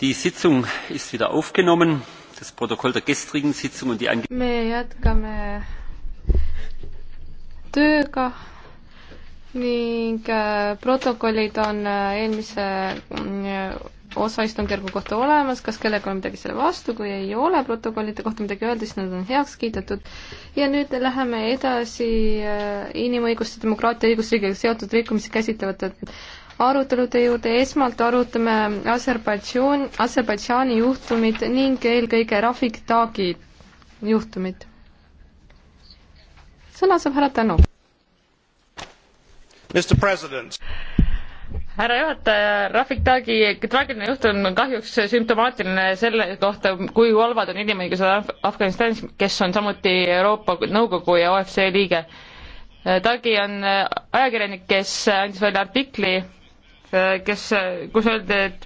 Die Sitzung ist wieder aufgenommen. Das Protokoll der gestrigen Sitzung und die Ange me jätkame tööga ning äh, protokollid on äh, eelmise mm, osa istungjärgu kohta olemas, kas kellelgi on midagi selle vastu, kui ei ole protokollide kohta midagi öelda, siis nad on heaks kiidetud. ja nüüd läheme edasi äh, inimõiguste, demokraatia, õigusriigiga seotud rikkumisi käsitlevate arutelude juurde, esmalt arutame Aserbaidžaan, Aserbaidžaani juhtumit ning eelkõige Rafik Taagi juhtumit. sõna saab härra Tänu. härra juhataja, Rafik Taagi traagiline juhtum on kahjuks sümptomaatiline selle kohta, kui halvad on inimõigused Afganistanis, kes on samuti Euroopa Nõukogu ja OFC liige Tagi on ajakirjanik, kes andis välja artikli Äh, kes, kus öeldi, et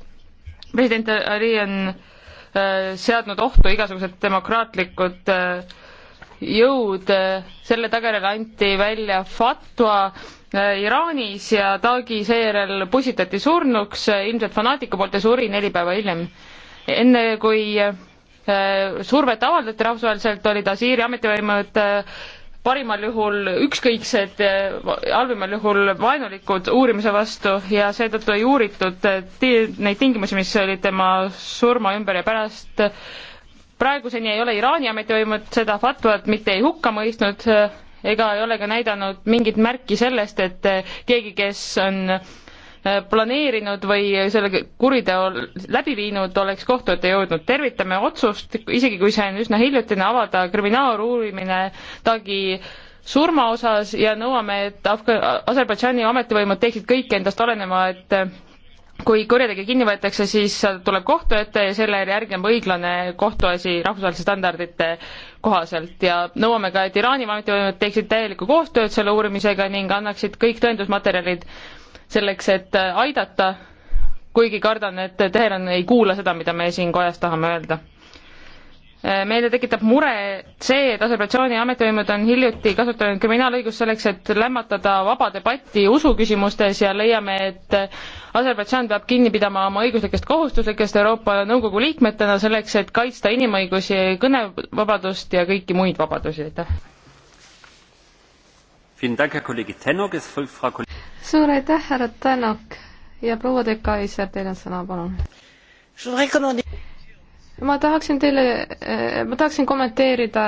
president Ali on äh, seadnud ohtu igasugused demokraatlikud äh, jõud, selle tagajärjel anti välja fatwa Iraanis ja Taagi seejärel pusitati surnuks ilmselt fanaatiku poolt ja suri neli päeva hiljem. enne kui survet avaldati rahvusvaheliselt, olid Asiiri ametivõimud parimal juhul ükskõiksed, halvimal juhul vaenulikud uurimise vastu ja seetõttu ei uuritud eh, neid tingimusi, mis olid tema surma ümber ja pärast. praeguseni ei ole Iraani ametivõimud seda fatvat mitte ei hukka mõistnud eh, ega ei ole ka näidanud mingit märki sellest, et eh, keegi, kes on Äh, planeerinud või selle kuriteo läbi viinud, oleks kohtu ette jõudnud. tervitame otsust, isegi kui see on üsna hiljutine, avada kriminaaluurimine Tagi surma osas ja nõuame, et Afga-, Aserbaidžaani ametivõimud teeksid kõik endast olenema, et äh, kui kurjategija kinni võetakse, siis tuleb kohtu ette ja selle järgneb õiglane kohtuasi rahvusvaheliste standardite kohaselt ja nõuame ka, et Iraani ametivõimud teeksid täielikku koostööd selle uurimisega ning annaksid kõik tõendusmaterjalid selleks, et aidata, kuigi kardan, et Teheran ei kuula seda, mida me siin kojas tahame öelda. meile tekitab mure see, et Aserbaidžaani ametivõimud on hiljuti kasutanud kriminaalõigust selleks, et lämmatada vaba debatti usuküsimustes ja leiame, et Aserbaidžaan peab kinni pidama oma õiguslikest kohustuslikest Euroopa Nõukogu liikmetena selleks, et kaitsta inimõigusi, kõnevabadust ja kõiki muid vabadusi, aitäh! suur aitäh, härra Tänak ja proua De Kaiser, teil on sõna, palun. ma tahaksin teile, eh, ma tahaksin kommenteerida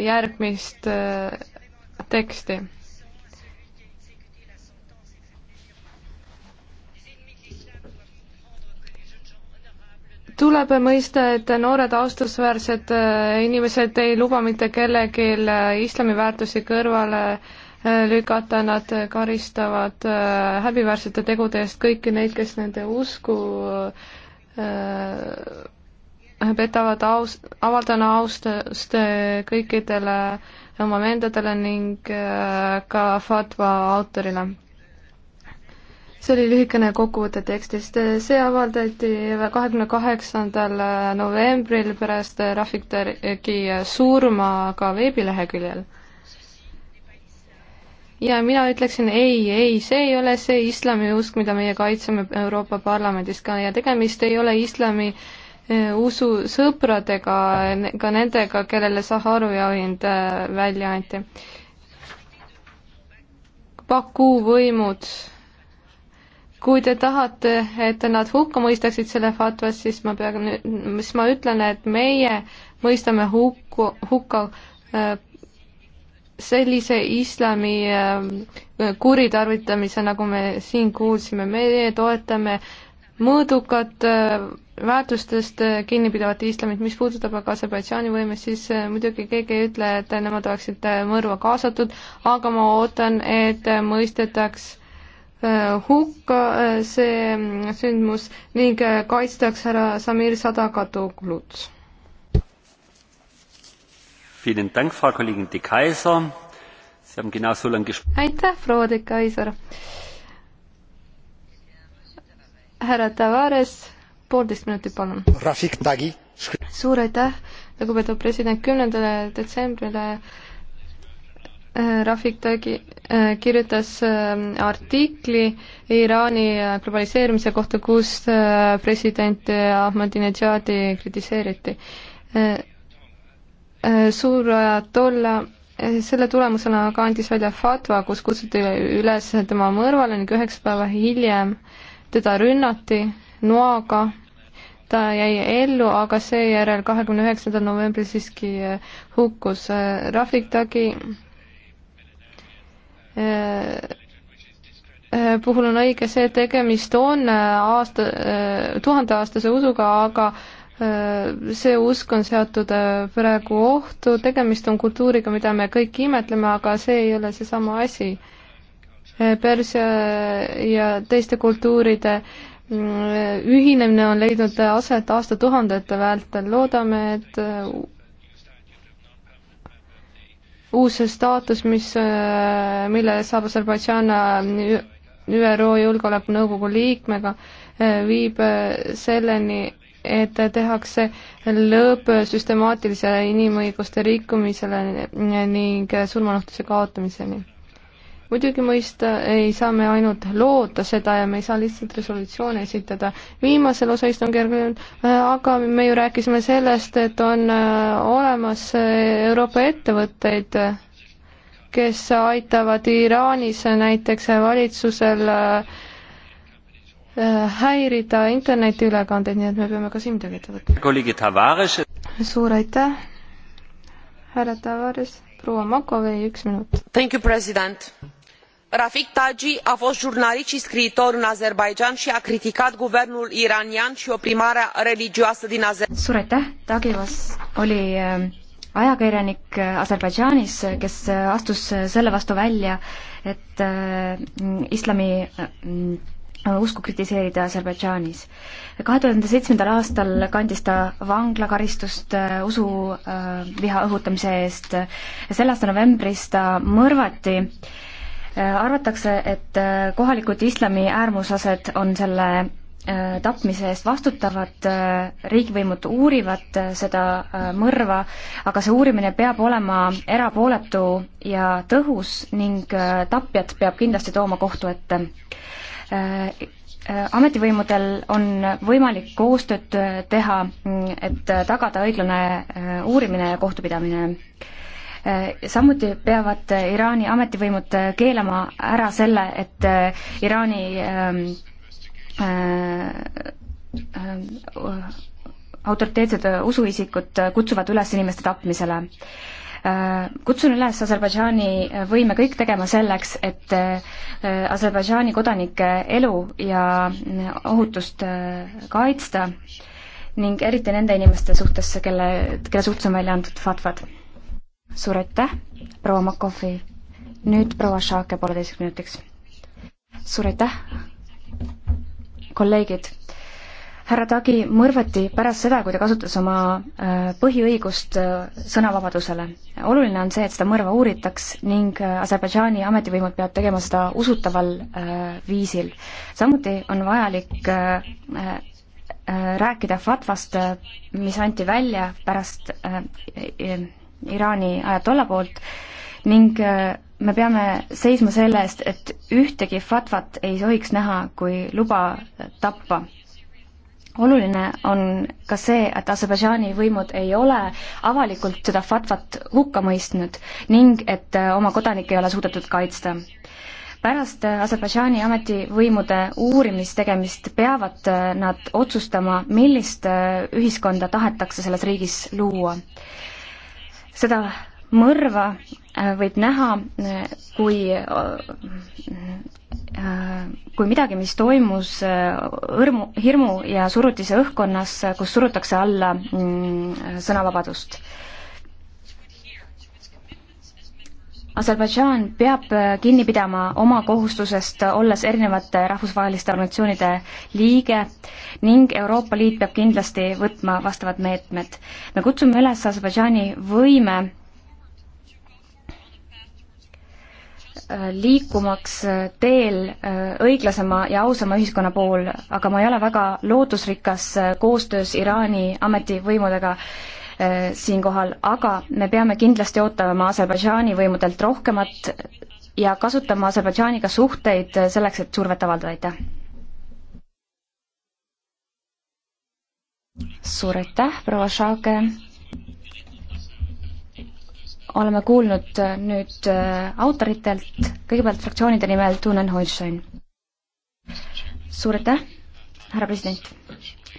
järgmist eh, teksti tuleb mõista, et noored austusväärsed eh, inimesed ei luba mitte kellelgi islamiväärtusi kõrvale lükata, nad karistavad äh, häbiväärsete tegude eest kõiki neid, kes nende usku äh, petavad aus, avaldan austust äh, kõikidele oma vendadele ning ka fatva autorile. see oli lühikene kokkuvõte tekstist, see avaldati kahekümne kaheksandal novembril pärast Rafiq Terki surma ka veebileheküljel ja mina ütleksin ei, ei, see ei ole see islamiusk, mida meie kaitseme Euroopa Parlamendis ka ja tegemist ei ole islami e, usu sõpradega, ka nendega, kellele Saharovi auhind e, välja anti. Baku võimud, kui te tahate, et nad hukka mõistaksid selle fatvas, siis ma pean, siis ma ütlen, et meie mõistame hukku, hukka e, sellise islami ähm, kuritarvitamise, nagu me siin kuulsime, meie toetame mõõdukat äh, väärtustest äh, kinnipidavat islamit, mis puudutab aga Aserbaidžaani võimest, siis äh, muidugi keegi ei ütle, et nemad oleksid mõrva kaasatud, aga ma ootan, et mõistetaks hukka see mm, sündmus ning kaitstaks härra Samir Sadakatoglut aitäh, proua de Kaiser! härra Tavares, poolteist minutit, palun. suur aitäh, lugupeetud president, kümnendale detsembrile äh, Rafik Tagi äh, kirjutas äh, artikli Iraani globaliseerumise kohta, kus president Ahmadinejadi kritiseeriti Äh, suurajad äh, olla, äh, selle tulemusena aga andis välja fatva, kus kutsuti üles tema mõrvale ning üheksa päeva hiljem teda rünnati noaga, ta jäi ellu, aga seejärel kahekümne üheksandal novembril siiski hukkus Rafiktagi puhul on õige see, et tegemist on aasta, tuhandeaastase usuga, aga Äh, see usk on seatud äh, praegu ohtu, tegemist on kultuuriga, mida me kõik imetleme, aga see ei ole seesama asi. Äh, Persia ja teiste kultuuride mm, ühinemine on leidnud aset aastatuhandete vältel, loodame, et uus staatus, mis, mille saab Aserbaidžaan ÜRO Julgeolekunõukogu liikmega, viib selleni, et tehakse lõpp süstemaatilisele inimõiguste rikkumisele ning surmanuhtluse kaotamiseni. muidugi mõista ei saa me ainult loota seda ja me ei saa lihtsalt resolutsioone esitada viimasel osaistungjärgul, aga me ju rääkisime sellest, et on äh, olemas äh, Euroopa ettevõtteid, kes aitavad Iraanis näiteks valitsusel äh, Äh, häirida internetiülekandeid, nii et me peame ka siin midagi ette võtma. suur aitäh, härra Tavares, proua Makovei, üks minut. Thank you, president. Rafik Tagi a fost jurnalist și scriitor în Azerbaijan și a criticat guvernul iranian și oprimarea religioasă din Azerbaijan. Suur aitäh, Tagi was, oli äh, ajakirjanik äh, Aserbaidžaanis, kes astus selle vastu välja, et islami Äh, usku kritiseerida Aserbaidžaanis. kahe tuhande seitsmendal aastal kandis ta vanglakaristust äh, usuviha äh, õhutamise eest. selle aasta novembris ta mõrvati. arvatakse, et kohalikud islami äärmuslased on selle tapmise eest vastutavad, riigivõimud uurivad seda mõrva, aga see uurimine peab olema erapooletu ja tõhus ning tapjat peab kindlasti tooma kohtu ette Äh, äh, ametivõimudel on võimalik koostööd äh, teha, mm, et tagada õiglane uurimine ja kohtupidamine. samuti peavad Iraani ametivõimud keelama ära selle, et Iraani ähm, autoriteetsed usuisikud kutsuvad üles inimeste tapmisele Äh, kutsun üles Aserbaidžaani äh, võime kõik tegema selleks, et äh, Aserbaidžaani kodanike elu ja ohutust kaitsta ning eriti nende inimeste suhtes, kelle, kelle suhtes on välja antud fatvad. suur aitäh, proua Makovi. nüüd proua Šaake pooleteiseks minutiks. suur aitäh, kolleegid härra Tagi mõrvati pärast seda, kui ta kasutas oma äh, põhiõigust äh, sõnavabadusele. oluline on see, et seda mõrva uuritaks ning äh, Aserbaidžaani ametivõimud peavad tegema seda usutaval viisil. samuti on vajalik rääkida fatvast, mis anti välja pärast Iraani ajatolla poolt ning me peame seisma selle eest, et ühtegi fatvat ei tohiks näha kui luba tappa oluline on ka see, et Aserbaidžaani võimud ei ole avalikult seda fatvat hukka mõistnud ning et äh, oma kodanikke ei ole suudetud kaitsta. pärast äh, Aserbaidžaani ametivõimude uurimistegemist peavad äh, nad otsustama, millist ühiskonda tahetakse selles riigis luua seda mõrva äh, võib näha äh, kui äh, kui midagi, mis toimus õrmu, hirmu ja surutise õhkkonnas, kus surutakse alla mm, sõnavabadust. Aserbaidžaan peab kinni pidama oma kohustusest, olles erinevate rahvusvaheliste organisatsioonide liige ning Euroopa Liit peab kindlasti võtma vastavad meetmed. me kutsume üles Aserbaidžaani võime Äh, liikumaks äh, teel äh, õiglasema ja ausama ühiskonna pool, aga ma ei ole väga lootusrikas koostöös Iraani ametivõimudega siinkohal, aga me peame kindlasti ootama Aserbaidžaani võimudelt rohkemat ja kasutama Aserbaidžaaniga suhteid selleks, et survet avaldada, aitäh! suur aitäh, proua Šaake! oleme kuulnud nüüd äh, autoritelt, kõigepealt fraktsioonide nimel Tunen Holstein. suur aitäh, härra president.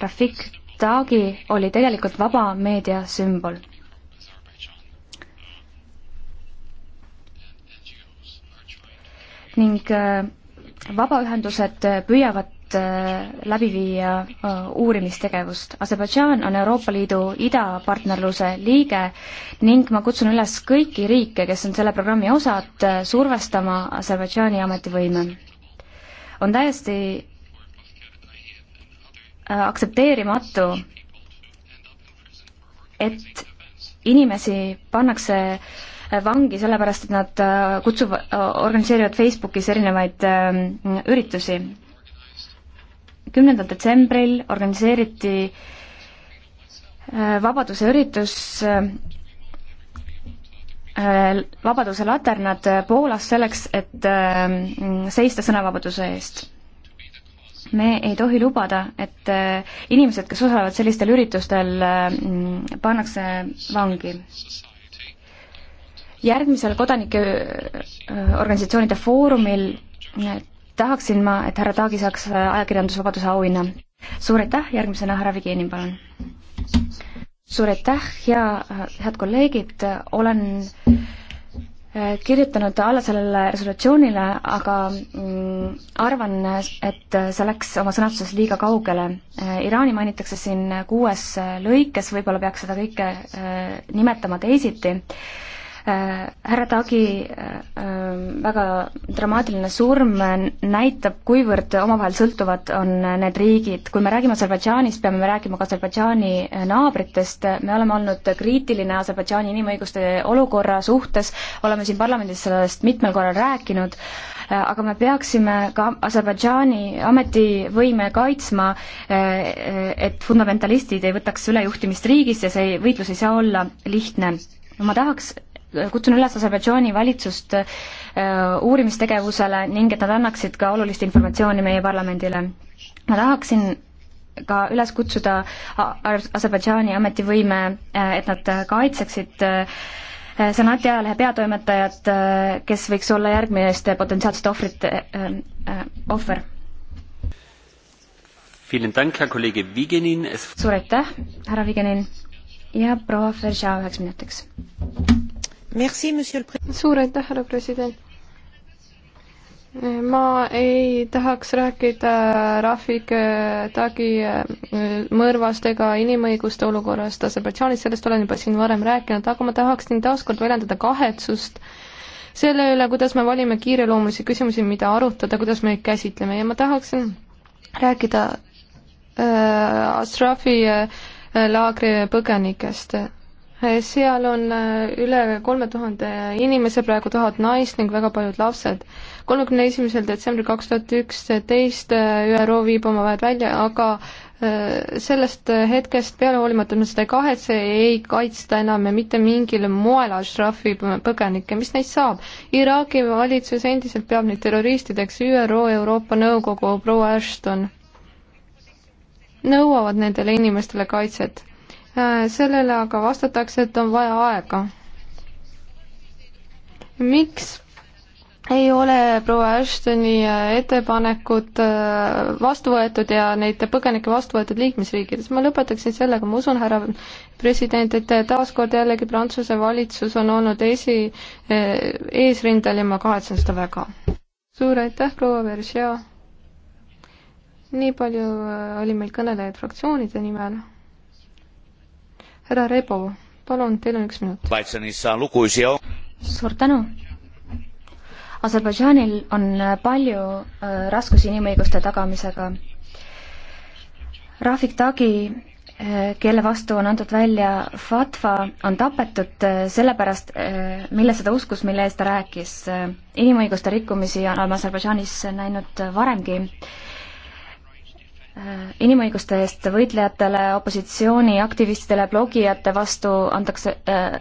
Rafik Tagi oli tegelikult vaba meedia sümbol. ning äh, vabaühendused püüavad Äh, läbi viia äh, uurimistegevust. Aserbaidžaan on Euroopa Liidu idapartnerluse liige ning ma kutsun üles kõiki riike, kes on selle programmi osad, äh, survestama Aserbaidžaani ametivõime. on täiesti aktsepteerimatu, et inimesi pannakse vangi sellepärast, et nad kutsuvad, organiseerivad Facebookis erinevaid üritusi kümnendal detsembril organiseeriti äh, vabaduse üritus äh, äh, Vabaduse laternad Poolas selleks, et seista sõnavabaduse eest. me ei tohi lubada, et inimesed, kes osalevad sellistel üritustel, pannakse vangi. järgmisel kodanike organisatsioonide foorumil tahaksin ma, et härra Taagi saaks äh, ajakirjandusvabaduse auhinna. suur aitäh, järgmisena härra Vigenin, palun. suur aitäh ja head kolleegid, olen äh, kirjutanud alla sellele resolutsioonile, aga mm, arvan, et see läks oma sõnastuses liiga kaugele. Äh, Iraani mainitakse siin kuues lõikes, võib-olla peaks seda kõike nimetama teisiti Äh, härra Tagi äh, äh, väga dramaatiline surm näitab, kuivõrd omavahel sõltuvad on need riigid. kui me räägime Aserbaidžaanist, peame me rääkima ka Aserbaidžaani naabritest, me oleme olnud kriitiline Aserbaidžaani inimõiguste olukorra suhtes, oleme siin parlamendis sellest mitmel korral rääkinud, aga me peaksime ka Aserbaidžaani ametivõime kaitsma, et fundamentalistid ei võtaks üle juhtimist riigis ja see võitlus ei saa olla lihtne. ma tahaks kutsun üles Aserbaidžaani valitsust äh, uurimistegevusele ning et nad annaksid ka olulist informatsiooni meie parlamendile. ma tahaksin ka üles kutsuda Aserbaidžaani ametivõime, äh, et nad kaitseksid äh, Senati ajalehe peatoimetajat, kes võiks olla järgmiste potentsiaalsete ohvrite ohver. suur aitäh, härra Vigenin ja proua Veržaa üheks minutiks suur aitäh, härra president! ma ei tahaks rääkida Rafik Tagi äh, mõrvast ega inimõiguste olukorrast Aserbaidžaanis, sellest olen juba siin varem rääkinud, aga ma tahaksin taaskord väljendada kahetsust selle üle, kuidas me valime kiireloomulisi küsimusi, mida arutada, kuidas me neid käsitleme ja ma tahaksin rääkida äh, Ashrafi äh, laagri põgenikest seal on äh, üle kolme tuhande inimese, praegu tuhat naist ning väga paljud lapsed. kolmekümne esimesel detsembril kaks tuhat üksteist äh, ÜRO viib oma väed välja, aga äh, sellest hetkest peale, hoolimata me seda ei kahetse, ei kaitsta enam mitte mingil moel Ashrafi põgenikke, mis neist saab? Iraagi valitsus endiselt peab neid terroristideks, ÜRO, Euroopa Nõukogu, proua Ashton nõuavad nendele inimestele kaitset Äh, sellele aga vastatakse, et on vaja aega. miks ei ole proua Ashtoni äh, ettepanekut äh, vastu võetud ja neid põgenikke vastu võetud liikmesriikides. ma lõpetaksin sellega, ma usun, härra president, et taaskord jällegi Prantsuse valitsus on olnud esi, eesrindel ja ma kahetsen seda väga. suur aitäh, proua Veržea! nii palju oli meil kõnelejaid fraktsioonide nimel härra Rebo, palun, teil on üks minut. suur tänu. Aserbaidžaanil on palju äh, raskusi inimõiguste tagamisega. Rafik Tagi äh, kelle vastu on antud välja fatva, on tapetud äh, sellepärast, milles ta uskus, mille eest ta rääkis. inimõiguste rikkumisi on Aserbaidžaanis näinud varemgi Äh, inimõiguste eest võitlejatele, opositsiooniaktivistidele, blogijate vastu antakse, äh,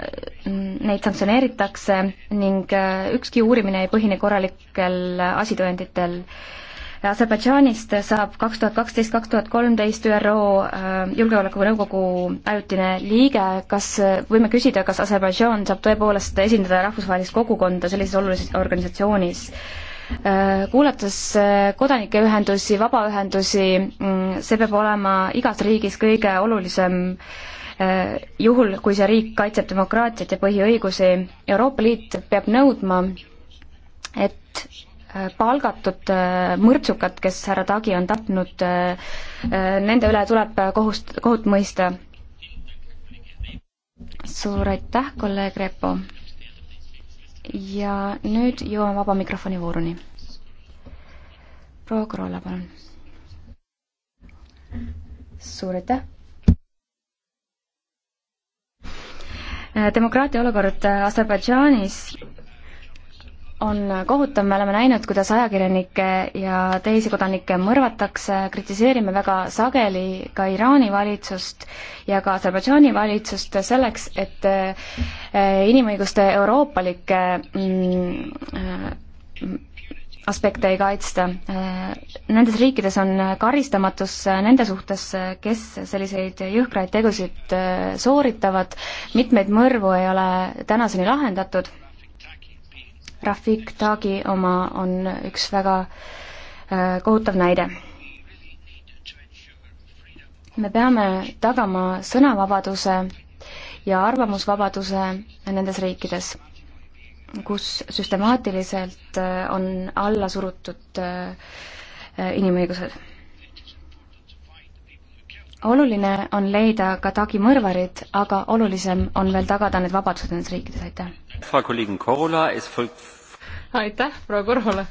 neid sanktsioneeritakse ning äh, ükski uurimine ei põhine korralikel asitõenditel. Aserbaidžaanist saab kaks tuhat kaksteist, kaks tuhat kolmteist ÜRO Julgeolekunõukogu ajutine liige, kas võime küsida, kas Aserbaidžaan saab tõepoolest esindada rahvusvahelist kogukonda sellises olulises organisatsioonis? Äh, kuulates äh, kodanikeühendusi, vabaühendusi, mm, see peab olema igas riigis kõige olulisem äh, juhul, kui see riik kaitseb demokraatiat ja põhiõigusi. Euroopa Liit peab nõudma, et palgatud mõrtsukad, kes härra Tagi on tapnud, nende üle tuleb kohust, kohut mõista. suur aitäh, kolleeg Repo! ja nüüd jõuame vaba mikrofoni vooruni. proua Krolla, palun. suur aitäh. demokraatia olukord Aserbaidžaanis on kohutav, me oleme näinud, kuidas ajakirjanikke ja teisi kodanikke mõrvatakse, kritiseerime väga sageli ka Iraani valitsust ja ka Aserbaidžaani valitsust selleks, et eh, inimõiguste euroopalikke mm, eh, aspekte ei kaitsta. Eh, nendes riikides on karistamatus nende suhtes, kes selliseid jõhkraid tegusid sooritavad, mitmeid mõrvu ei ole tänaseni lahendatud Rafik Tagi oma on üks väga äh, kohutav näide. me peame tagama sõnavabaduse ja arvamusvabaduse nendes riikides, kus süstemaatiliselt äh, on alla surutud äh, inimõigused oluline on leida ka tagi mõrvarid, aga olulisem on veel tagada need vabadused nendes riikides, aitäh. aitäh, proua Korhola.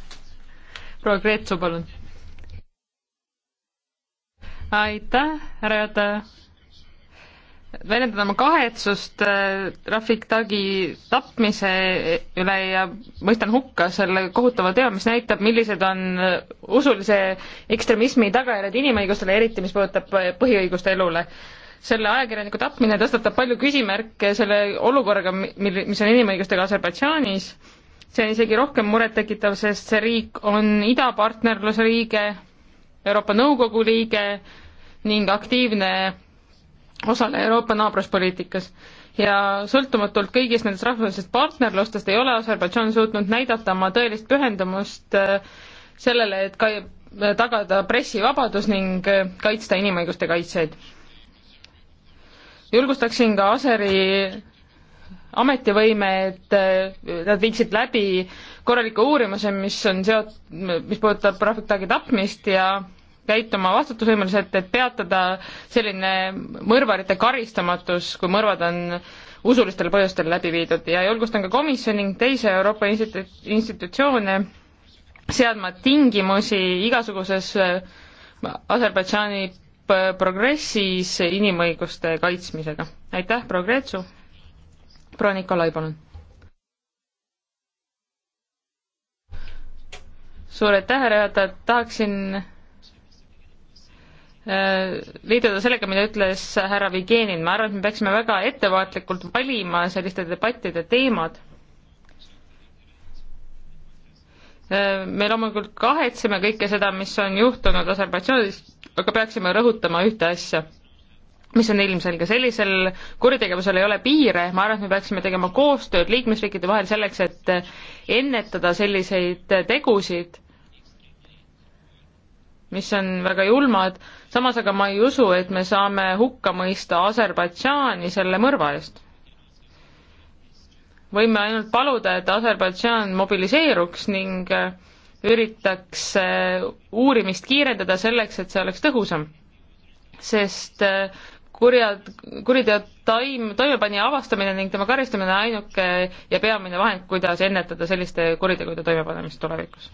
proua Kreetsu, palun. aitäh, härra juhataja väljendan oma kahetsust äh, Rafik Tagi tapmise üle ja mõistan hukka selle kohutava teo, mis näitab, millised on äh, usulise ekstremismi tagajärjed inimõigustele, eriti mis puudutab äh, põhiõiguste elule. selle ajakirjaniku tapmine tõstatab palju küsimärke selle olukorraga, mil, mis on inimõigustega Aserbaidžaanis, see on isegi rohkem murettekitav, sest see riik on idapartnerluse liige, Euroopa Nõukogu liige ning aktiivne osale Euroopa naabruspoliitikas ja sõltumatult kõigist nendest rahvusvahelistest partnerlustest ei ole Aserbaidžan suutnud näidata oma tõelist pühendumust äh, sellele, et ka tagada pressivabadus ning äh, kaitsta inimõiguste kaitsjaid. julgustaksin ka Aseri ametivõime, et äh, nad viiksid läbi korraliku uurimuse, mis on seot-, mis puudutab rahvutagi tapmist ja käituma vastutusvõimeliselt, et peatada selline mõrvarite karistamatus, kui mõrvad on usulistel põhjustel läbi viidud ja julgustan ka komisjoni ning teisi Euroopa institu-, institutsioone seadma tingimusi igasuguses Aserbaidžaani progressis inimõiguste kaitsmisega. aitäh, proua Kreetsu! proua Nikolai, palun! suur aitäh, härra juhataja, tahaksin Äh, liituda sellega, mida ütles härra Vigenin, ma arvan, et me peaksime väga ettevaatlikult valima selliste debattide teemad. Äh, me loomulikult kahetseme kõike seda, mis on juhtunud Aserbaidžaanis, aga peaksime rõhutama ühte asja, mis on ilmselge, sellisel kuritegevusel ei ole piire, ma arvan, et me peaksime tegema koostööd liikmesriikide vahel selleks, et ennetada selliseid tegusid mis on väga julmad, samas aga ma ei usu, et me saame hukka mõista Aserbaidžaani selle mõrva eest. võime ainult paluda, et Aserbaidžaan mobiliseeruks ning äh, üritaks äh, uurimist kiirendada selleks, et see oleks tõhusam. sest äh, kurjad, kuriteo taim, toimepanija avastamine ning tema karistamine on ainuke ja peamine vahend, kuidas ennetada selliste kuritegude toimepanemist tulevikus.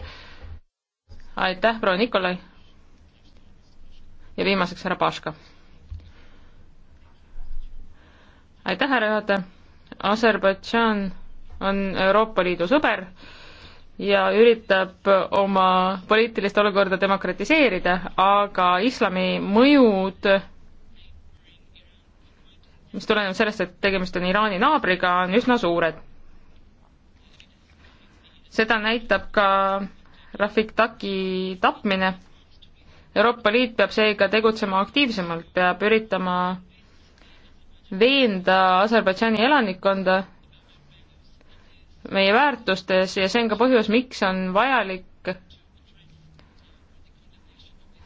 aitäh, proua Nikolai! ja viimaseks härra Paška. aitäh, härra juhataja. Aserbaidžan on Euroopa Liidu sõber ja üritab oma poliitilist olukorda demokratiseerida, aga islami mõjud, mis tuleneb sellest, et tegemist on Iraani naabriga, on üsna suured. seda näitab ka Rafik Taki tapmine Euroopa Liit peab seega tegutsema aktiivsemalt, peab üritama veenda Aserbaidžaani elanikkonda meie väärtustes ja see on ka põhjus, miks on vajalik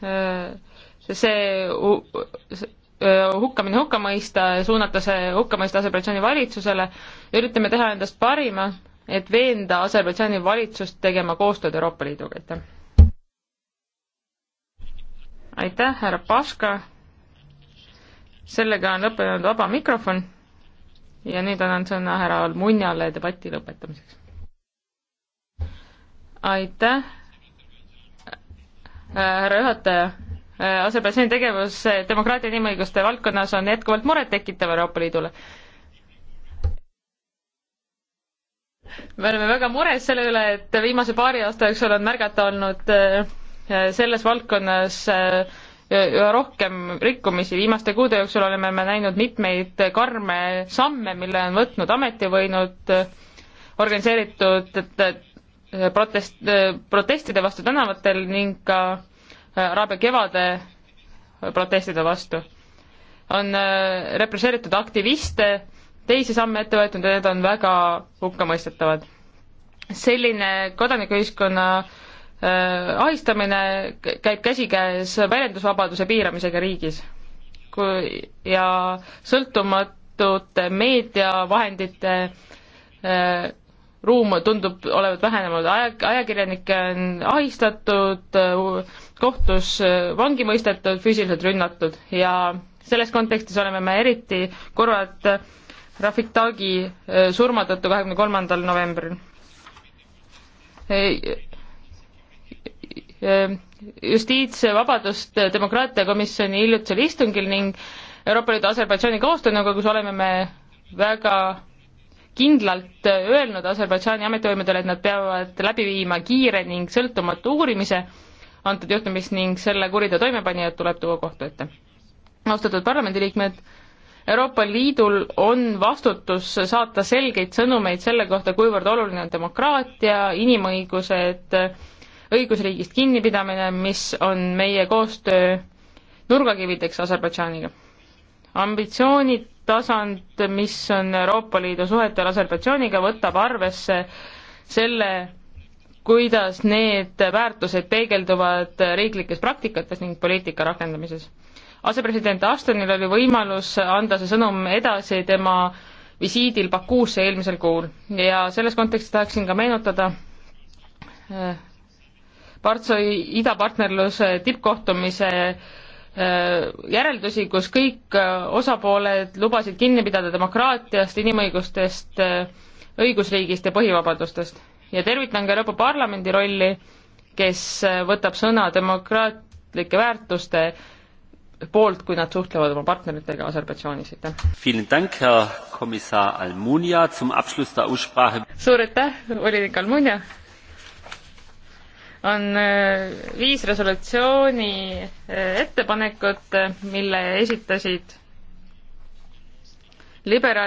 äh, see äh, hukkamine hukka mõista ja suunata see hukkamõiste Aserbaidžaani valitsusele ja üritame teha endast parima, et veenda Aserbaidžaani valitsust tegema koostööd Euroopa Liiduga, aitäh! aitäh, härra Paška. sellega on lõppenud vaba mikrofon ja nüüd annan sõna härra Almunjale debati lõpetamiseks. aitäh, härra juhataja. Aserbaidžaani tegevus demokraatia inimõiguste valdkonnas on jätkuvalt murettekitav Euroopa Liidule me oleme väga mures selle üle, et viimase paari aasta jooksul on märgata olnud äh, selles valdkonnas äh, üha rohkem rikkumisi. viimaste kuude jooksul oleme me näinud mitmeid karme samme, mille on võtnud ametivõinud organiseeritud äh, protest, äh, protestide vastu tänavatel ning ka Araabia kevade protestide vastu. on represseeritud aktiviste, teisi samme ette võetud ja need on väga hukkamõistetavad. selline kodanikuühiskonna Äh, ahistamine käib käsikäes väljendusvabaduse piiramisega riigis. kui ja sõltumatute meediavahendite äh, ruum tundub olevat vähenenud, aja, ajakirjanikke on ahistatud, äh, kohtus äh, vangi mõistetud, füüsiliselt rünnatud ja selles kontekstis oleme me eriti kurvad Rafik Tagi surma tõttu kahekümne kolmandal novembril justiitsvabadust demokraatia komisjoni hiljutisel istungil ning Euroopa Liidu Aserbaidžaani koostöönõukogus oleme me väga kindlalt öelnud Aserbaidžaani ametivõimudele, et nad peavad läbi viima kiire ning sõltumatu uurimise antud juhtumis ning selle kuriteo toimepanijad tuleb tuua kohtu ette. austatud parlamendiliikmed, Euroopa Liidul on vastutus saata selgeid sõnumeid selle kohta, kuivõrd oluline on demokraatia, inimõigused, õigusriigist kinnipidamine, mis on meie koostöö nurgakivideks Aserbaidžaaniga. ambitsioonid, tasand, mis on Euroopa Liidu suhetel Aserbaidžaaniga, võtab arvesse selle, kuidas need väärtused peegelduvad riiklikes praktikates ning poliitika rakendamises. asepresident Astonil oli võimalus anda see sõnum edasi tema visiidil Bakuusse eelmisel kuul ja selles kontekstis tahaksin ka meenutada Partsoi idapartnerluse tippkohtumise äh, järeldusi, kus kõik äh, osapooled lubasid kinni pidada demokraatiast, inimõigustest, äh, õigusriigist ja põhivabadustest. ja tervitan ka Euroopa Parlamendi rolli, kes võtab sõna demokraatlike väärtuste poolt, kui nad suhtlevad oma partneritega Aserbaidžaanis, aitäh! suur aitäh, volinik Almunia! on äh, viis resolutsiooni äh, ettepanekut, äh, mille esitasid liberaal-.